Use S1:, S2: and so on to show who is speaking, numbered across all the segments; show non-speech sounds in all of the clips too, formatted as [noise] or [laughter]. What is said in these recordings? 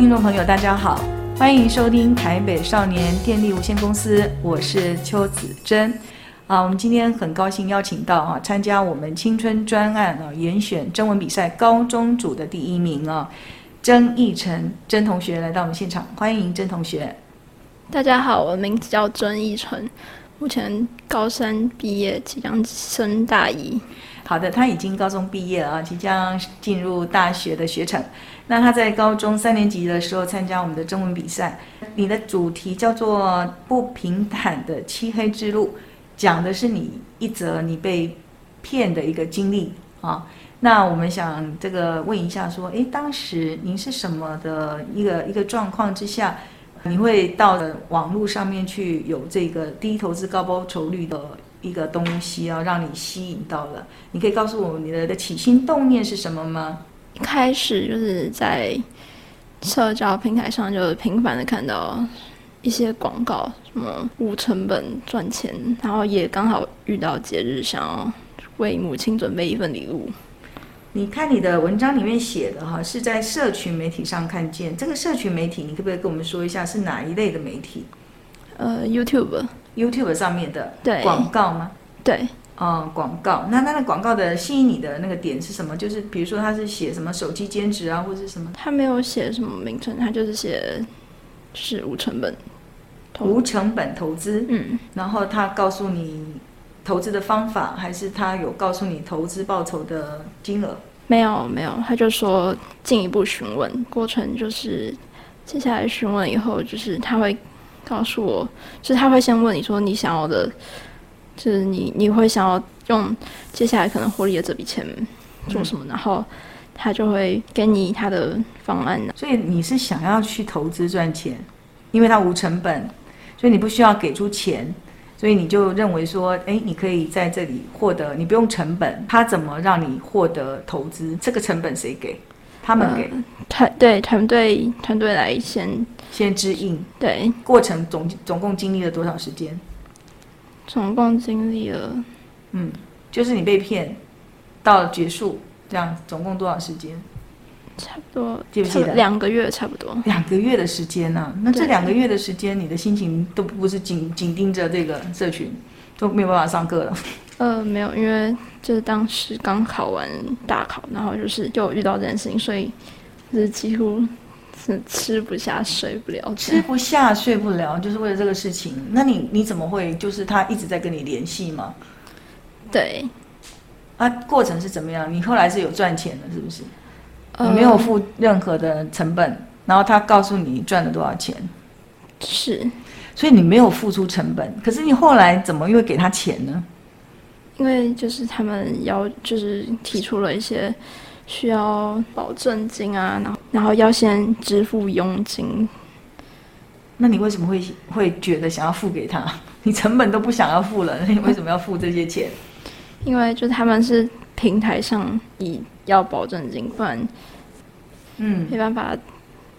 S1: 聽眾朋友，大家好，歡迎收聽台北少年電力無限公司，我是邱子珍。啊，我們今天很高興邀請到啊，參加我們青春專案啊，嚴選徵文比賽高中組的第一名啊，曾義晨。曾同學來到我們現場，歡迎曾同學。
S2: 大家好，我的名字叫曾義成，目前高三
S1: 畢業，即將升大一。好的，他已經高中畢業了，即將進入大學的學程。那他在高中三年級的時候參加我們的中文比賽，你的主題叫做《不平坦的漆黑之路》，講的是你一則你被騙的一個經歷啊。好，那我們想這個問一下，說，哎，當時您是什麼的一個一個狀況之下，你會到了網絡上面去有這個低投資高報酬率的？一個東西要、哦、讓你吸引到了，你可以告訴我你的起心動念是什麼嗎？
S2: 一開始就是在社交平台上，就頻繁的看到一些廣告，什麼無成本賺錢，然後也剛好遇到節日，想要
S1: 為母親準備一份禮物。你看你的文章裡面寫的哈，是在社群媒體上看見這個社群媒體，你可不可以跟我們說一下是哪一類的媒體？
S2: 呃，YouTube。
S1: YouTube 上面的廣告嗎？對，對哦，廣告。那那個廣告的吸引你的那個點是什麼？就是比如說他是寫什麼手機兼職啊，或者什麼？他沒有寫什麼名稱，他就是寫
S2: 是無成本
S1: 投、無成本投資。嗯，然後他告訴你投資的方法，還是他有告訴你投資報酬的金額？
S2: 沒有，沒有，他就說進一步詢問過程，就是接下來詢問以後，就是他會。告訴我，就是他會先問你說你想要的，就是你你會想要用接下來可能獲利的這筆錢做什麼，嗯。然後
S1: 他就會給你他的方案啊。所以你是想要去投資賺錢，因為他無成本，所以你不需要給出錢，所以你就認為說，誒，你可以在這裡獲得，你不用成本，他怎麼讓你獲得投資？這個成本誰給？他們給
S2: 團、呃、對，團隊團隊來先先知
S1: 應對過程總總共經歷了多少時間？
S2: 總共經歷了，
S1: 嗯，就是你被騙到結束這樣總共多少時間？差不多，記不記得兩個月？差不多兩個月的時間呢、啊？那這兩個月的時間、啊，對你的心情都不是緊緊盯着這個社群，都沒有辦法上課了。
S2: 呃，沒有，因為就是當時剛考完大考，然後就是就遇到這件事情，所以就是幾乎是吃不下、睡不了。吃不
S1: 下、睡不了，就是為了這個事情。那你你怎麼會就是他一直在跟你聯繫嗎？對。啊，過程是怎麼樣？你後來是有賺錢的，是不是？你沒有付任何的成本，然後他告訴你賺了多少錢。是。所以你沒有付出成本，可是你後來怎麼又給他錢呢？
S2: 因為就是他們要，就是提出了一些需要
S1: 保證金啊，然
S2: 後然後要先支付佣金。
S1: 那你為什麼會會覺得想要付給他？你成本都不想要付了，你為什麼要付這些錢？
S2: 因為就他們是平台上以要保證金，不然嗯沒辦法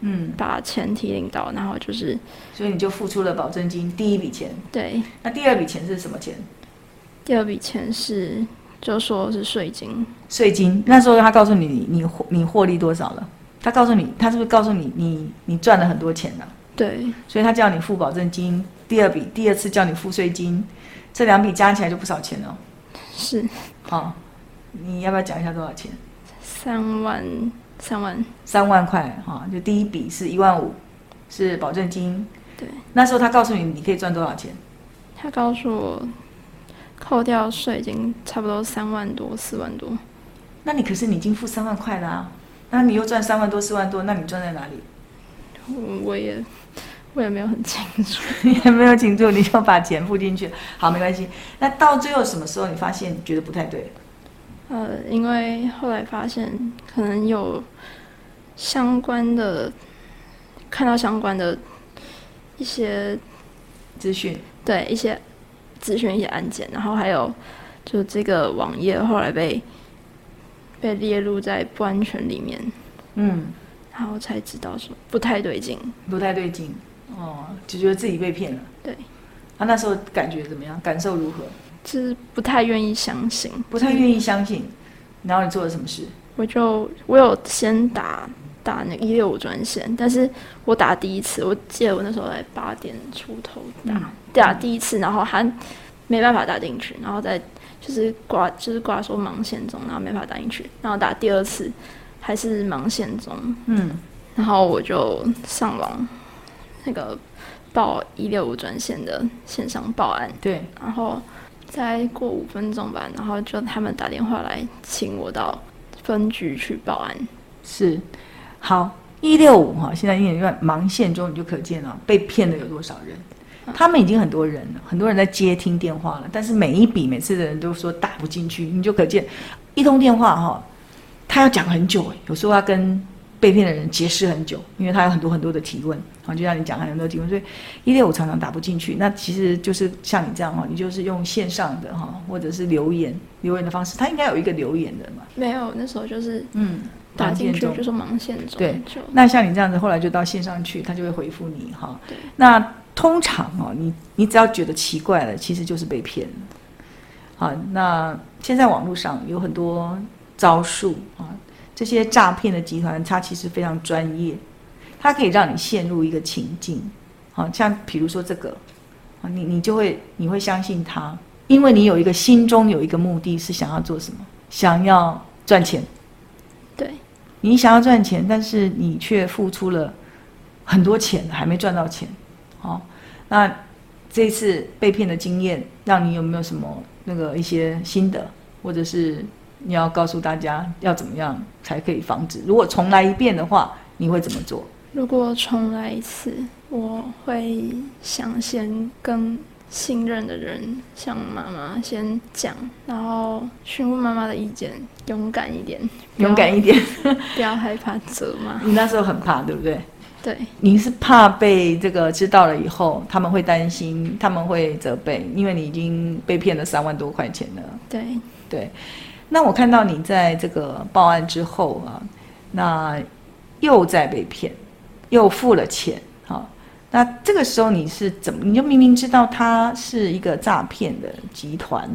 S2: 嗯把錢提領到，然後就
S1: 是。所以你就付出了保證金第一筆錢。對。那第二筆錢是什麼錢？
S2: 第二筆錢是，就說是稅金。
S1: 稅金那時候他告訴你，你你獲利多少了？他告訴你，他是不是告訴你，你你賺了很多錢呢、啊？對，所以他叫你付保證金，第二筆第二次叫你付稅金，這兩筆加起來就不少錢了。是，好，你要不要講一下多少錢？
S2: 三萬，三萬，
S1: 三萬塊哈，就第一筆是一萬五，是保證金。對，那時候他告訴你你可以賺多少錢？
S2: 他告訴我。扣掉稅已經差不多三萬多四萬多。萬
S1: 多，那你可，是你已經付三萬塊了啊？那你又賺三萬多四萬多，那你賺在哪裡？我我也我也沒有很清楚， [laughs] 也沒有清楚，你就把錢付進去，好，沒關係。那到最後什麼時候你發現你覺得不太對？
S2: 呃，因為後來發現可能有相關的，看到相關的一些資訊，訊對一些。諮詢一些案件，然後還有，就這個網頁後來被被列入在不安全裡面，嗯，
S1: 然後才知道說不太對勁，不太對勁，哦，就覺得自己被騙了。對，啊，那時候感覺怎麼樣？感受如何？就
S2: 是不太願意相信，不太願意相
S1: 信。對，然後你做了什麼事？
S2: 我就我有先打。打那個一六五專線，但是我打第一次，我記得我那時候在八點出頭打，嗯、打第一次，然後還沒辦法打進去，然後再就是掛就是掛說忙線中，然後沒辦法打進去，然後打第二次還是忙線中，嗯，然後我就上網那個報一六五專線的線上報案，對，然後再過五分鐘吧，然後就他們打電話來請我到分局去報
S1: 案，是。好，一六五哈，現在因為有點忙線中，你就可見了被騙的有多少人，他們已經很多人了，很多人在接聽電話了，但是每一筆每次的人都說打不進去，你就可見一通電話哈，他要講很久哎，有時候要跟被騙的人解釋很久，因為他有很多很多的提問，然後就讓你講很多提問，所以一六五常常打不進去。那其實就是像你這樣哈，你就是用線上的哈，或者是留言留言的方式，他應該有一個留言的嘛。
S2: 沒有，那時候就是嗯。
S1: 打進去就是
S2: 盲線走。對。就那
S1: 像你這樣子，後來就到線上去，他就會回復你哈。對那通常哦，你你只要覺得奇怪了，其實就是被騙了。好，那現在網絡上有很多招數啊，這些詐騙的集團，他其實非常專業，它可以讓你陷入一個情境。好，像比如說這個，你你就會你會相信他，因為你有一個心中有一個目的是想要做什麼，想要賺錢。你想要賺錢，但是你卻付出了很多錢，還沒賺到錢。好，那這次被騙的經驗，讓你有沒有什麼那個一些心得，或者是你要告訴大家要怎麼樣才可以防止？如果重來一遍的話，你會怎麼做？
S2: 如果重來一次，我會想先跟。信任的人，向媽媽先講，然後詢問媽媽的意見，勇敢一點，勇敢一點，不要害怕責罵。你那時候很怕，對不對？對，
S1: 你是怕被這個知道了以後，他們會擔心，他們會責備，因為你已經被騙了三萬多塊錢了。對對，那我看到你在這個報案之後啊，那又在被騙，又付了錢啊。那這個時候你是怎麼？你就明明知道他是一個詐騙的集團，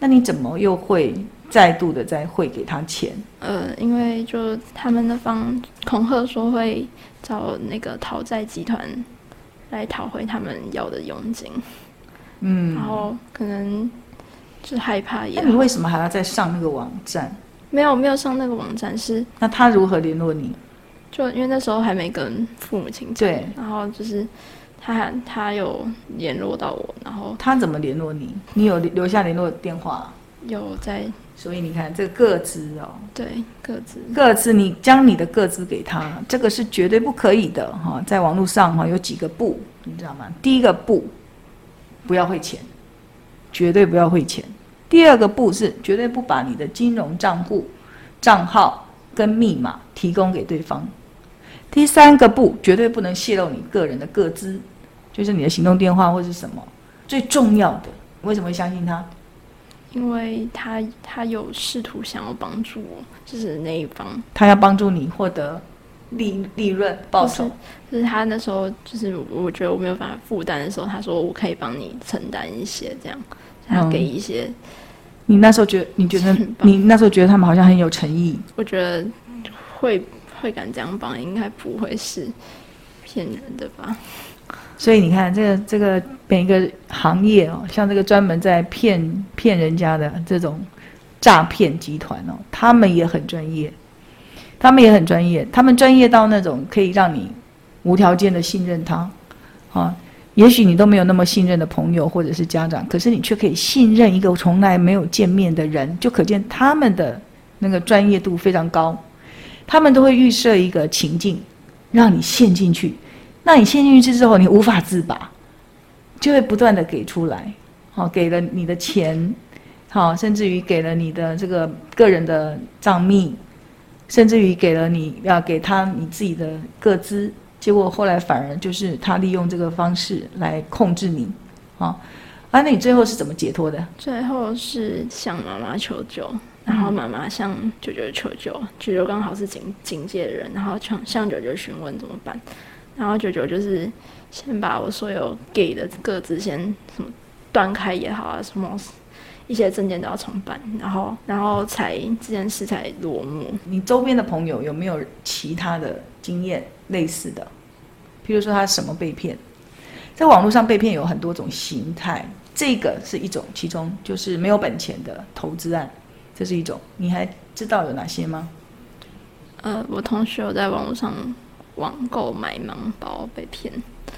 S1: 那你怎麼又會再度的再匯給他錢？
S2: 呃，因為就他們那方恐嚇說會找那個討債集團來討回他們要的佣金，嗯，然後可能就害怕也。那你為什麼
S1: 還要再上那個網站？
S2: 沒有，沒有上那個網站是。
S1: 那他如何聯絡你？
S2: 就因為那時候還沒跟父母親對，然後就是他還他有聯
S1: 絡到我，然後他怎麼聯絡你？你有留下聯絡電話？
S2: 有在。
S1: 所以你看這個個資哦，對，個資，個資，你將你的個資給他，這個是絕對不可以的哈，在網絡上哈，有幾個不，你知道嗎？第一個不，不要匯錢，絕對不要匯錢。第二個不，是絕對不把你的金融賬戶、賬號跟密碼提供給對方。第三個不，絕對不能泄露你個人的個資，就是你的行動電話或是什麼。最重要的，為什麼會相信他？
S2: 因為他他有試圖想要幫助我，就是那一方。
S1: 他要幫助你獲得
S2: 利利潤報酬。就是他那時候，就是我覺得我沒有辦法負擔的時候，他說我可以幫你承擔一些這樣，然後、嗯、給一些。你
S1: 那時候覺得你覺得幫你那時候覺得他們好像很有誠意？
S2: 我覺得會。會敢這樣幫，應該不會是騙人的吧？
S1: 所以你看，這個這個每一個行業哦，像這個專門在騙騙人家的這種詐騙集團哦，他們也很專業，他們也很專業，他們專業到那種可以讓你無條件的信任他啊。也許你都沒有那麼信任的朋友或者是家長，可是你卻可以信任一個從來沒有見面的人，就可見他們的那個專業度非常高。他們都會預設一個情境，讓你陷進去，那你陷進去之後，你無法自拔，就會不斷的給出來，好、哦，給了你的錢，好、哦，甚至於給了你的這個個人的賬密，甚至於給了你要、啊、給他你自己的個資，結果後來反而就是他利用這個方式來控制你，啊、哦，啊，那你最後是怎麼解脫的？
S2: 最後是向媽媽求救。然後媽媽向舅舅求救，舅舅剛好是警警界的人，然後向向舅舅詢問怎麼辦。然後舅舅就是先把我所有給的各自先什麼斷開也好啊，什麼一
S1: 些證件都要重辦，然後然後才這件事才落幕。你周邊的朋友有沒有其他的經驗類似的？譬如說他什麼被騙？在網絡上被騙有很多種形態，這個是一種，其中就是沒有本錢的投資案。這是一種，你還知道有哪些嗎？
S2: 呃，我同學有在網絡上網購買盲包被騙，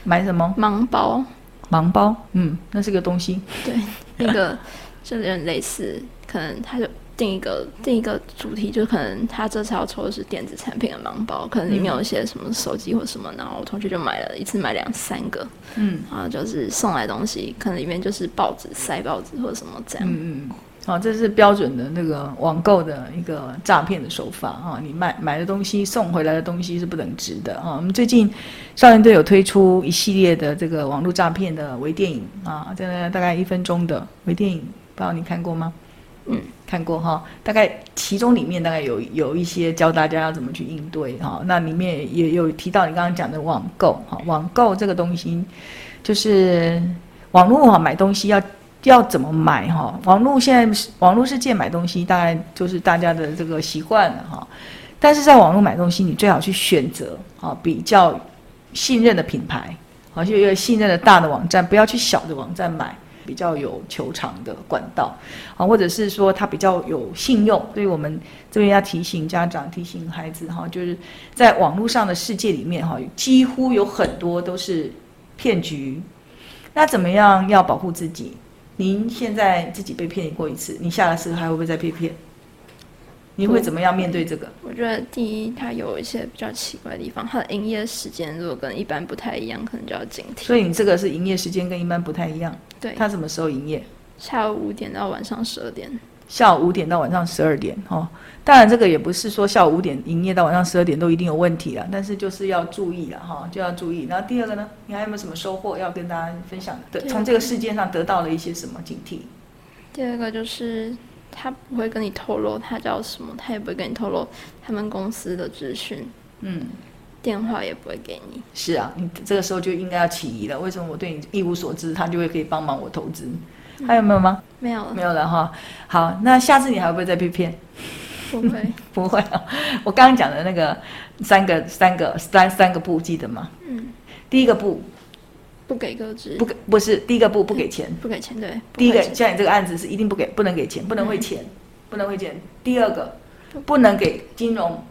S1: 買什麼？盲包。盲包？嗯，那是個東西。對，
S2: 那個 [laughs] 就有點類似，可能他就定一個定一個主題，就可能他這次要抽的是電子產品的盲包，可能裡面有一些什麼手機或什麼，嗯、然後我同學就買了一次買兩三個，
S1: 嗯，
S2: 然後就是送來東西，可能裡面就是報紙塞報紙或者什麼這樣。嗯嗯。
S1: 好、啊、這是標準的那個網購的一個詐騙的手法啊！你買買的東西，送回來的東西是不等值的啊！我們最近少年隊有推出一系列的這個網絡詐騙的微電影啊，這個大概一分鐘的微電影，不知道你看過嗎？嗯，看過哈、啊。大概其中裡面大概有有一些教大家要怎麼去應對哈、啊。那裡面也有提到你剛剛講的網購哈、啊，網購這個東西就是網絡啊，買東西要。要怎麼買哈、哦？網絡現在是網絡世界買東西，大概就是大家的這個習慣了哈、哦。但是在網絡買東西，你最好去選擇啊、哦、比較信任的品牌，好、哦，就一個信任的大的網站，不要去小的網站買，比較有求償的管道，啊、哦，或者是說它比較有信用。所以，我們這邊要提醒家長、提醒孩子哈、哦，就是在網絡上的世界裡面哈、哦，幾乎有很多都是騙局。那怎麼樣要保護自己？您現在自己被騙過一次，你下次還會不會再被騙、騙？你會怎麼樣面對這個？對，我
S2: 覺得第一，它有一些比較奇怪的地方，它的營業時間如果跟一般不太一樣，可能就要警
S1: 惕。所以你這個是營業時間跟一般不太一樣。對。它什麼時候營業？下午五點到晚上十二點。下午五點到晚上十二點，哈、哦，當然這個也不是說下午五點營業到晚上十二點都一定有問題了，但是就是要注意了，哈、哦，就要注意。那第二個呢，你還有沒有什麼收穫要跟大家分享的？對，從這個事件上得到了一些什麼警惕？
S2: 第二個就是他不會跟你透露他叫什麼，他也不會跟你透露他們公司
S1: 的資訊，嗯，
S2: 電話也不會給你。
S1: 是啊，你這個時候就應該要起疑了，為什麼我對你一無所知，他就會可以幫忙我投資？
S2: 還有沒有嗎？嗯、沒有了，沒
S1: 有了哈。好，那下次你還會不會再被騙？不會， [laughs] 不會啊。我剛剛講的那個三個、三個、三三個步，記得嗎？嗯。第一個步，
S2: 不給個資。不
S1: 給，不是第一個步，不給錢。
S2: 不給錢對。錢第一
S1: 個，像你這個案子是一定不給，不能給錢，不能匯錢，不能匯錢。第二個，不能給金融、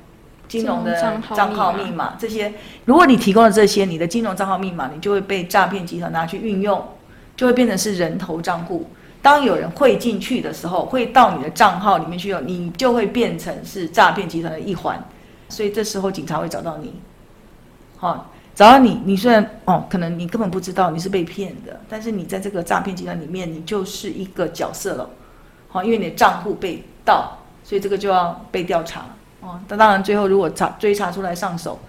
S2: 金融的賬號密碼這
S1: 些。如果你提供了這些，你的金融賬號密碼，你就會被詐騙集團拿去運用。嗯就會變成是人頭賬戶，當有人匯進去的時候，會到你的賬號裡面去用，你就會變成是詐騙集團的一環，所以這時候警察會找到你，好、哦，找到你，你雖然哦，可能你根本不知道你是被騙的，但是你在這個詐騙集團裡面，你就是一個角色了，好、哦，因為你的賬戶被盜，所以這個就要被調查，哦，那當然最後如果查追查出來上手，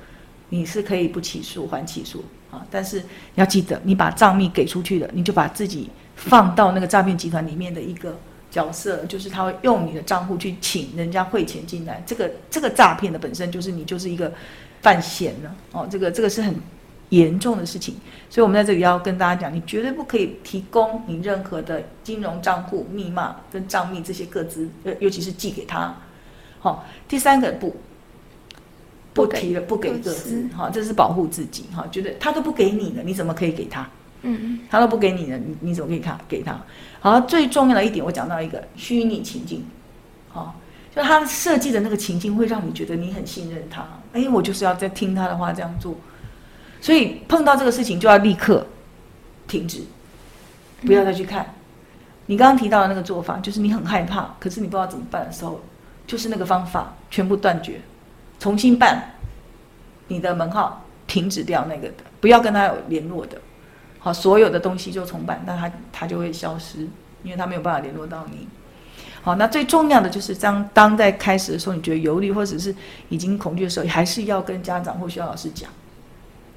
S1: 你是可以不起訴還起訴。啊，但是你要記得，你把賬密給出去了，你就把自己放到那個詐騙集團裡面的一個角色，就是他會用你的賬戶去請人家匯錢進來。這個這個詐騙的本身就是你就是一個犯嫌了哦，這個這個是很嚴重的事情。所以我們在這裡要跟大家講，你絕對不可以提供你任何的金融賬戶密碼跟賬密這些個資，呃，尤其是寄給他。好，哦，第三個不。不提了，不給個資哈，吃這是保護自己，哈，覺得他都不給你了，你怎麼可以給他？嗯嗯，他都不給你了，你你怎麼給他給他？好，最重要的一點，我講到一個虛擬情境，就是他設計的那個情境，會讓你覺得你很信任他，哎，我就是要在聽他的話這樣做。所以碰到這個事情，就要立刻停止，不要再去看。嗯、你剛剛提到的那個做法，就是你很害怕，可是你不知道怎麼辦的時候，就是那個方法，全部斷絕。重新辦，你的門號停止掉那個的，不要跟他有聯絡的，好，所有的東西就重辦，那他他就會消失，因為他沒有辦法聯絡到你。好，那最重要的就是當當在開始的時候，你覺得憂慮或者是已經恐懼的時候，還是要跟家長或學校老師講，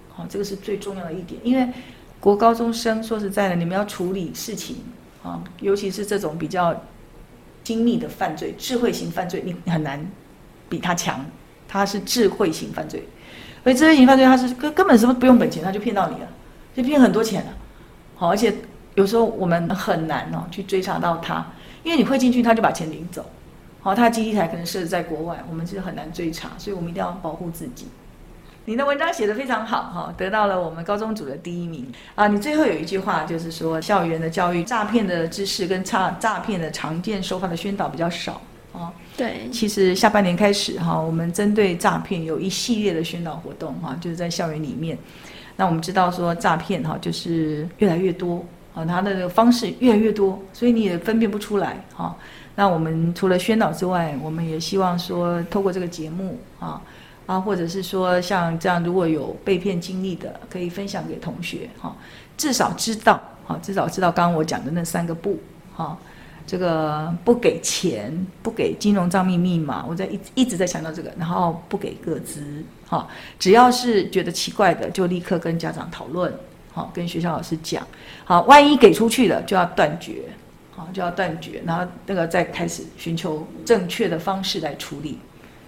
S1: 好，這個是最重要的一點，因為國高中生說實在的，你們要處理事情，啊，尤其是這種比較精密的犯罪、智慧型犯罪，你很難比他強。他是智慧型犯罪，所以智慧型犯罪他是根根本什不是不用本錢，他就騙到你了，就騙很多錢了。好，而且有時候我們很難哦去追查到他，因為你會進去，他就把錢領走。好，他的基地台可能設置在國外，我們是很難追查，所以我們一定要保護自己。你的文章寫得非常好哈，得到了我們高中組的第一名啊。你最後有一句話就是說，校園的教育詐騙的知識跟詐詐騙的常見手法的宣導比較少。哦，對，其實下半年開始哈，我們針對詐騙有一系列的宣導活動哈，就是在校園裡面。那我們知道說詐騙哈，就是越來越多啊，它的那個方式越來越多，所以你也分辨不出來哈。那我們除了宣導之外，我們也希望說，透過這個節目啊，啊，或者是說像這樣，如果有被騙經歷的，可以分享給同學哈，至少知道，好，至少知道剛剛我講的那三個步，哈。這個不給錢，不給金融賬密密碼，我在一一直在強調這個，然後不給個資，好、哦，只要是覺得奇怪的，就立刻跟家長討論，好、哦，跟學校老師講，好、哦，萬一給出去了，就要斷絕，好、哦，就要斷絕，然後那個再開始尋求正確的方式來處理，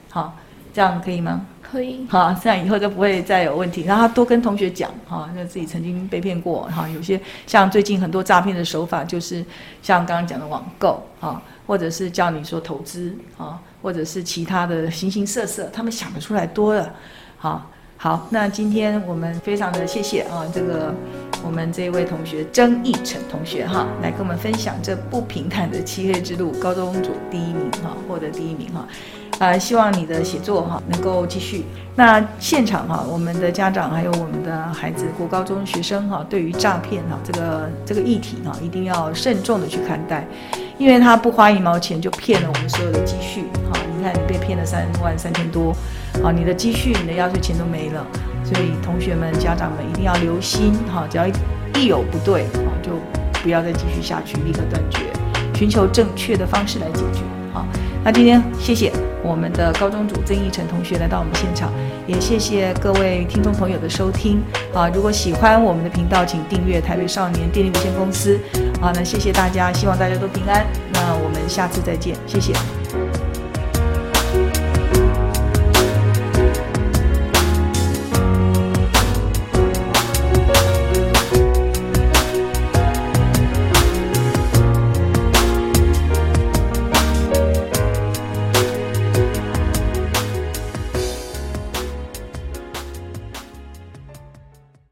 S1: 好、哦。這樣可以嗎？可以，好，這樣以後就不會再有問題。然後他多跟同學講，哈、哦，就自己曾經被騙過，哈、哦，有些像最近很多詐騙的手法，就是像剛剛講的網購，啊、哦，或者是叫你說投資，啊、哦，或者是其他的形形色色，他們想得出來多了，哈、哦。好，那今天我們非常的謝謝啊、哦，這個我們這一位同學曾逸成同學哈、哦，來跟我們分享這不平坦的漆黑之路，高中組第一名，哈、哦，獲得第一名，哈、哦。啊、呃，希望你的寫作哈能夠繼續。那現場哈、啊，我們的家長還有我們的孩子，國高中學生哈、啊，對於詐騙哈這個這個議題哈、啊，一定要慎重的去看待，因為他不花一毛錢就騙了我們所有的積蓄哈、啊。你看你被騙了三萬三千多，啊，你的積蓄、你的壓歲錢都沒了。所以同學們、家長們一定要留心哈、啊，只要一有不對啊，就不要再繼續下去，立刻斷絕，尋求正確的方式來解決好、啊，那今天謝謝。我們的高中組曾義成同學來到我們現場，也謝謝各位聽眾朋友的收聽啊！如果喜歡我們的頻道，請訂閱台北少年電力無限公司啊！那謝謝大家，希望大家都平安，那我們下次再見，謝謝。